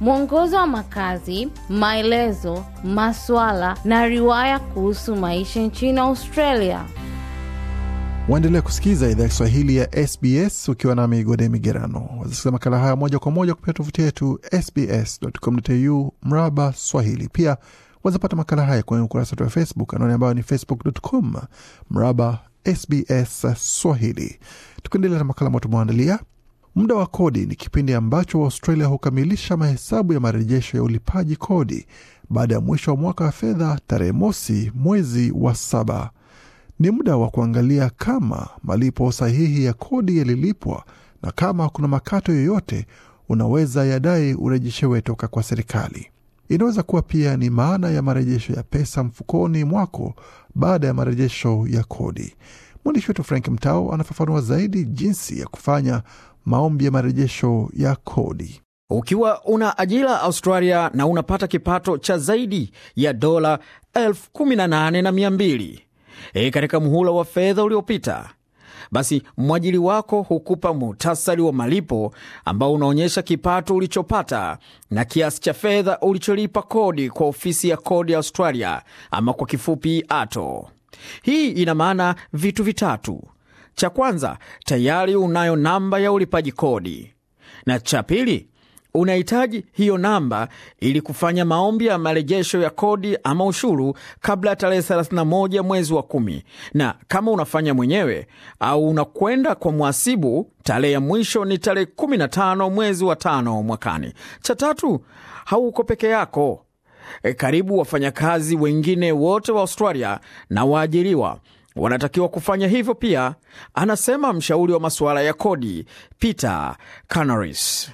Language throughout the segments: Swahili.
mwongozo wa makazi, maelezo, maswala na riwaya kuhusu maisha nchini Australia. Waendelea kusikiliza idhaa ya Kiswahili ya SBS ukiwa na migode migerano. Wazasikiza makala haya moja kwa moja kupitia tovuti yetu sbscu mraba swahili. Pia wazapata makala haya kwenye ukurasa wetu wa Facebook, anaoni ambayo ni facebook.com mraba sbs swahili. Tukiendelea na makala moto tumewaandalia Muda wa kodi ni kipindi ambacho Waustralia hukamilisha mahesabu ya marejesho ya ulipaji kodi baada ya mwisho wa mwaka wa fedha tarehe mosi mwezi wa saba. Ni muda wa kuangalia kama malipo sahihi ya kodi yalilipwa na kama kuna makato yoyote unaweza yadai urejeshewe toka kwa serikali. Inaweza kuwa pia ni maana ya marejesho ya pesa mfukoni mwako baada ya marejesho ya kodi. Mwandishi wetu Frank Mtao anafafanua zaidi jinsi ya kufanya maombi ya marejesho ya kodi. Ukiwa una ajira Australia na unapata kipato cha zaidi ya dola elfu kumi na nane na mia mbili e, katika muhula wa fedha uliopita, basi mwajiri wako hukupa muhtasari wa malipo ambao unaonyesha kipato ulichopata na kiasi cha fedha ulicholipa kodi kwa ofisi ya kodi Australia, ama kwa kifupi ATO. Hii ina maana vitu vitatu. Cha kwanza, tayari unayo namba ya ulipaji kodi, na cha pili, unahitaji hiyo namba ili kufanya maombi ya marejesho ya kodi ama ushuru kabla ya tarehe 31 mwezi wa kumi, na kama unafanya mwenyewe au unakwenda kwa mhasibu, tarehe ya mwisho ni tarehe 15 mwezi wa tano mwakani. Cha tatu, hauko peke yako. E, karibu wafanyakazi wengine wote wa Australia na waajiriwa wanatakiwa kufanya hivyo pia, anasema mshauri wa masuala ya kodi Peter Canaris.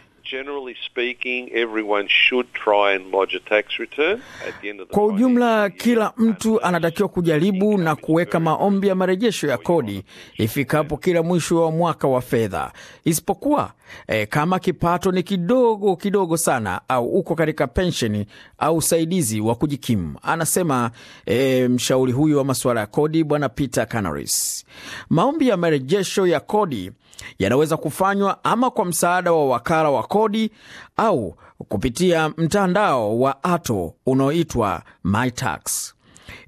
Kwa ujumla, kila mtu anatakiwa kujaribu na kuweka maombi ya marejesho ya kodi ifikapo kila mwisho wa mwaka wa fedha, isipokuwa e, kama kipato ni kidogo kidogo sana au uko katika pensheni au usaidizi wa kujikimu, anasema e, mshauri huyu wa masuala ya kodi Bwana Peter Canaris. Maombi ya marejesho ya kodi yanaweza kufanywa ama kwa msaada wa wakala wa kodi au kupitia mtandao wa ATO unaoitwa MyTax.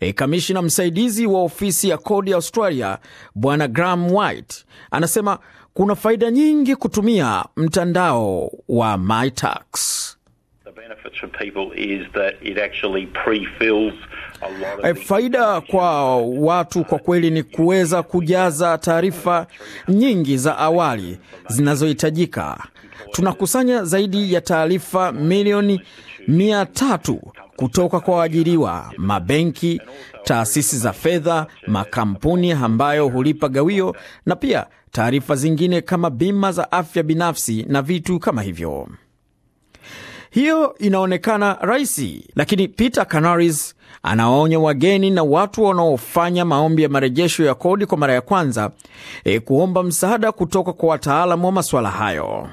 E, kamishina msaidizi wa ofisi ya kodi ya Australia Bwana Graham White anasema kuna faida nyingi kutumia mtandao wa MyTax. E, faida kwa watu kwa kweli ni kuweza kujaza taarifa nyingi za awali zinazohitajika. Tunakusanya zaidi ya taarifa milioni mia tatu kutoka kwa waajiriwa, mabenki, taasisi za fedha, makampuni ambayo hulipa gawio na pia taarifa zingine kama bima za afya binafsi na vitu kama hivyo. Hiyo inaonekana rahisi, lakini Peter Canaris anawaonya wageni na watu wanaofanya maombi ya marejesho ya kodi kwa mara ya kwanza e, kuomba msaada kutoka kwa wataalamu wa maswala hayo.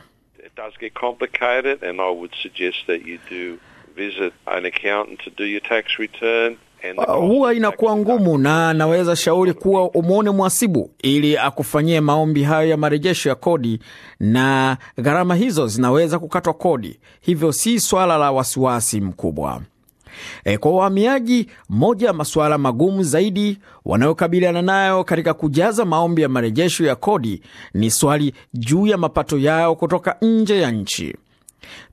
Uh, huwa inakuwa ngumu, na naweza shauri kuwa umwone mwasibu ili akufanyie maombi hayo ya marejesho ya kodi, na gharama hizo zinaweza kukatwa kodi, hivyo si swala la wasiwasi mkubwa. E, kwa wahamiaji, moja ya masuala magumu zaidi wanayokabiliana nayo katika kujaza maombi ya marejesho ya kodi ni swali juu ya mapato yao kutoka nje ya nchi.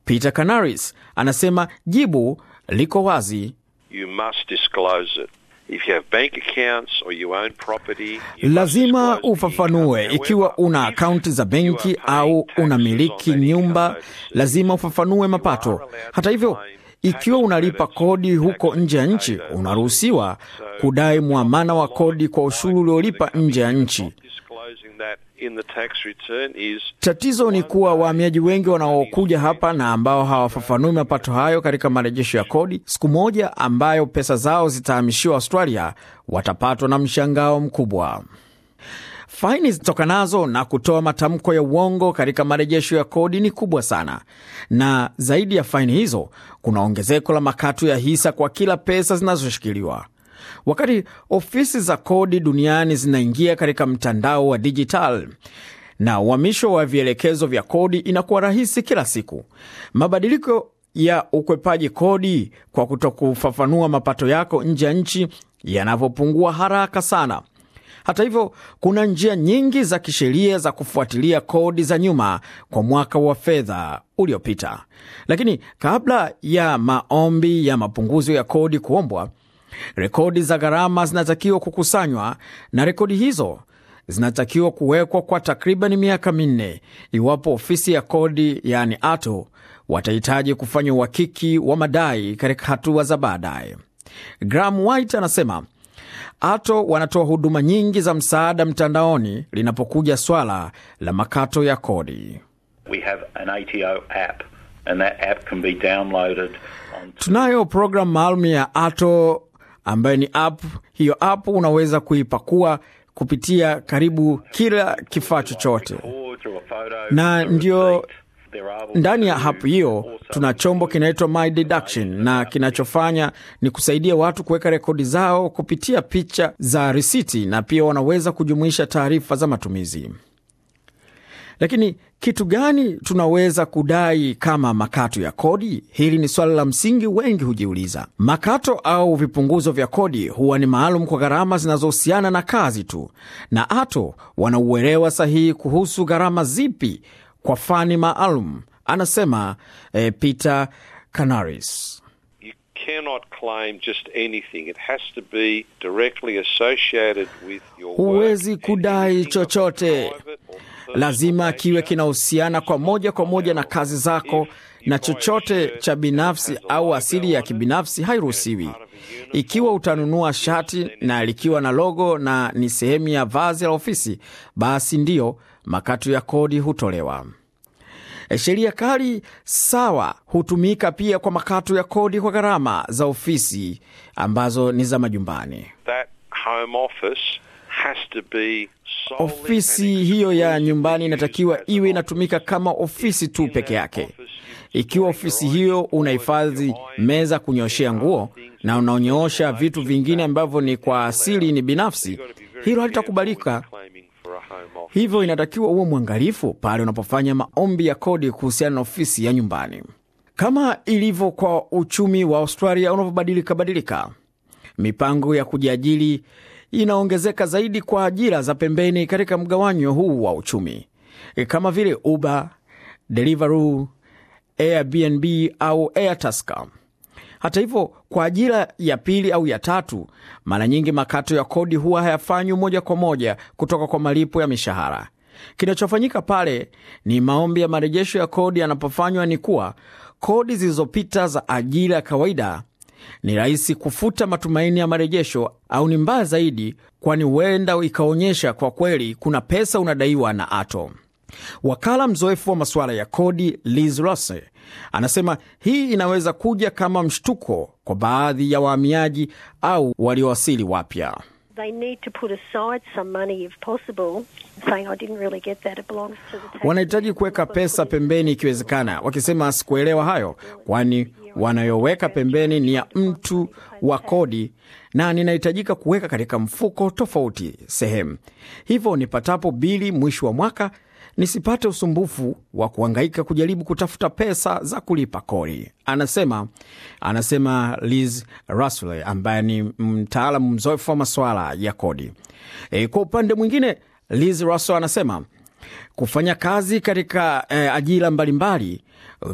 Peter Canaris anasema jibu liko wazi Lazima ufafanue ikiwa una akaunti za benki au unamiliki nyumba, lazima ufafanue mapato. Hata hivyo, ikiwa unalipa kodi huko nje ya nchi, unaruhusiwa kudai mwamana wa kodi kwa ushuru uliolipa nje ya nchi. Tatizo ni kuwa wahamiaji wengi wanaokuja hapa na ambao hawafafanui mapato hayo katika marejesho ya kodi, siku moja ambayo pesa zao zitahamishiwa Australia, watapatwa na mshangao mkubwa. Faini zitokanazo na kutoa matamko ya uongo katika marejesho ya kodi ni kubwa sana, na zaidi ya faini hizo kuna ongezeko la makato ya hisa kwa kila pesa zinazoshikiliwa wakati ofisi za kodi duniani zinaingia katika mtandao wa dijitali na uhamisho wa vielekezo vya kodi inakuwa rahisi kila siku. Mabadiliko ya ukwepaji kodi kwa kutokufafanua mapato yako nje ya nchi yanavyopungua haraka sana. Hata hivyo, kuna njia nyingi za kisheria za kufuatilia kodi za nyuma kwa mwaka wa fedha uliopita. Lakini kabla ya maombi ya mapunguzo ya kodi kuombwa, Rekodi za gharama zinatakiwa kukusanywa na rekodi hizo zinatakiwa kuwekwa kwa takriban miaka minne. Iwapo ofisi ya kodi yaani ATO watahitaji kufanya uhakiki wa madai katika hatua za baadaye. Graham White anasema ATO wanatoa huduma nyingi za msaada mtandaoni linapokuja swala la makato ya kodi. We have an ATO app, and that app can be downloaded tunayo programu maalum ya ATO ambayo ni app. Hiyo app unaweza kuipakua kupitia karibu kila kifaa chochote, na ndio ndani ya app hiyo tuna chombo kinaitwa My Deduction, na kinachofanya ni kusaidia watu kuweka rekodi zao kupitia picha za risiti, na pia wanaweza kujumuisha taarifa za matumizi. Lakini kitu gani tunaweza kudai kama makato ya kodi? Hili ni swala la msingi, wengi hujiuliza. Makato au vipunguzo vya kodi huwa ni maalum kwa gharama zinazohusiana na kazi tu, na ATO wanauelewa sahihi kuhusu gharama zipi kwa fani maalum, anasema eh, Peter Canaris. Huwezi kudai chochote lazima kiwe kinahusiana kwa moja kwa moja na kazi zako, na chochote cha binafsi au asili ya kibinafsi hairuhusiwi. Ikiwa utanunua shati na likiwa na logo na ni sehemu ya vazi la ofisi, basi ndiyo makato ya kodi hutolewa. Sheria kali sawa hutumika pia kwa makato ya kodi kwa gharama za ofisi ambazo ni za majumbani. Ofisi hiyo ya nyumbani inatakiwa iwe inatumika kama ofisi tu peke yake. Ikiwa ofisi hiyo unahifadhi meza kunyoshea nguo na unaonyoosha vitu vingine ambavyo ni kwa asili ni binafsi, hilo halitakubalika. Hivyo inatakiwa uwe mwangalifu pale unapofanya maombi ya kodi kuhusiana na ofisi ya nyumbani. Kama ilivyo kwa uchumi wa Australia unavyobadilikabadilika mipango ya kujiajili inaongezeka zaidi kwa ajira za pembeni katika mgawanyo huu wa uchumi e, kama vile Uber, Deliveroo, Airbnb au Airtasker. Hata hivyo, kwa ajira ya pili au ya tatu, mara nyingi makato ya kodi huwa hayafanywi moja kwa moja kutoka kwa malipo ya mishahara. Kinachofanyika pale ni maombi ya marejesho ya kodi yanapofanywa, ni kuwa kodi zilizopita za ajira ya kawaida ni rahisi kufuta matumaini ya marejesho, au ni mbaya zaidi, kwani huenda ikaonyesha kwa kweli kuna pesa unadaiwa na ato Wakala mzoefu wa masuala ya kodi Liz Rose anasema hii inaweza kuja kama mshtuko kwa baadhi ya wahamiaji au waliowasili wapya they need to put aside some money if possible, saying I didn't really get that, it belongs to the tax. Wanahitaji kuweka pesa pembeni ikiwezekana, wakisema sikuelewa hayo, kwani wanayoweka pembeni ni ya mtu wa kodi na ninahitajika kuweka katika mfuko tofauti sehemu, hivyo nipatapo bili mwisho wa mwaka nisipate usumbufu wa kuhangaika kujaribu kutafuta pesa za kulipa kodi, anasema anasema Liz rasl ambaye ni mtaalamu mzoefu wa masuala ya kodi. E, kwa upande mwingine Liz rasl anasema kufanya kazi katika e, ajira mbalimbali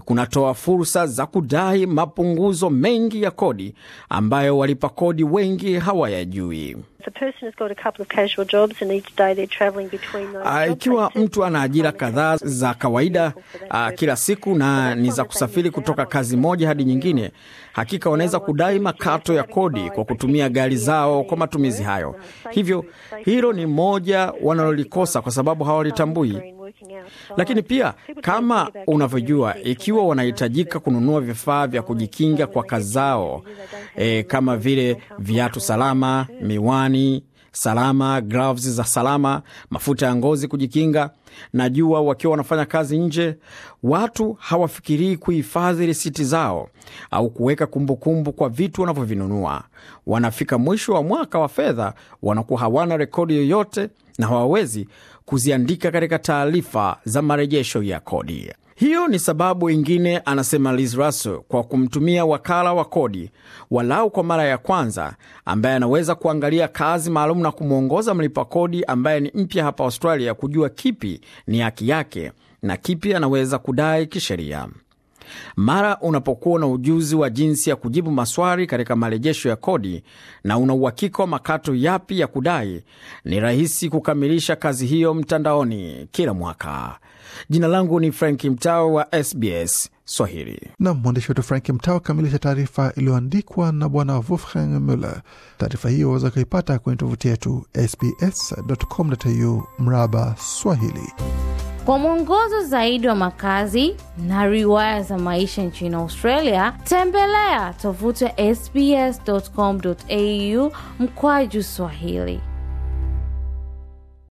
kunatoa fursa za kudai mapunguzo mengi ya kodi ambayo walipa kodi wengi hawayajui. Ah, ikiwa mtu ana ajira kadhaa za kawaida a, ah, kila siku na ni za kusafiri kutoka kazi moja hadi nyingine, hakika wanaweza kudai makato ya kodi kwa kutumia gari zao kwa matumizi hayo. Hivyo hilo ni moja wanalolikosa kwa sababu hawalitambui. Lakini pia kama unavyojua, ikiwa wanahitajika kununua vifaa vya kujikinga kwa kazao, e, kama vile viatu salama, miwani salama, gloves za salama, mafuta ya ngozi kujikinga na jua wakiwa wanafanya kazi nje. Watu hawafikirii kuhifadhi risiti zao au kuweka kumbukumbu kwa vitu wanavyovinunua. Wanafika mwisho wa mwaka wa fedha, wanakuwa hawana rekodi yoyote na hawawezi kuziandika katika taarifa za marejesho ya kodi. Hiyo ni sababu ingine, anasema Liz Russell, kwa kumtumia wakala wa kodi walau kwa mara ya kwanza, ambaye anaweza kuangalia kazi maalum na kumwongoza mlipa kodi ambaye ni mpya hapa Australia kujua kipi ni haki yake na kipi anaweza kudai kisheria. Mara unapokuwa na ujuzi wa jinsi ya kujibu maswali katika marejesho ya kodi na una uhakika wa makato yapi ya kudai, ni rahisi kukamilisha kazi hiyo mtandaoni kila mwaka. Jina langu ni Frank Mtao wa SBS Swahili. Nam mwandishi wetu Frank Mtao akamilisha taarifa iliyoandikwa na Bwana Wolfgang Muller. Taarifa hiyo waweza kuipata kwenye tovuti yetu sbs.com.au mraba Swahili. Kwa mwongozo zaidi wa makazi na riwaya za maisha nchini Australia, tembelea tovuti ya sbs.com.au mkwaju Swahili.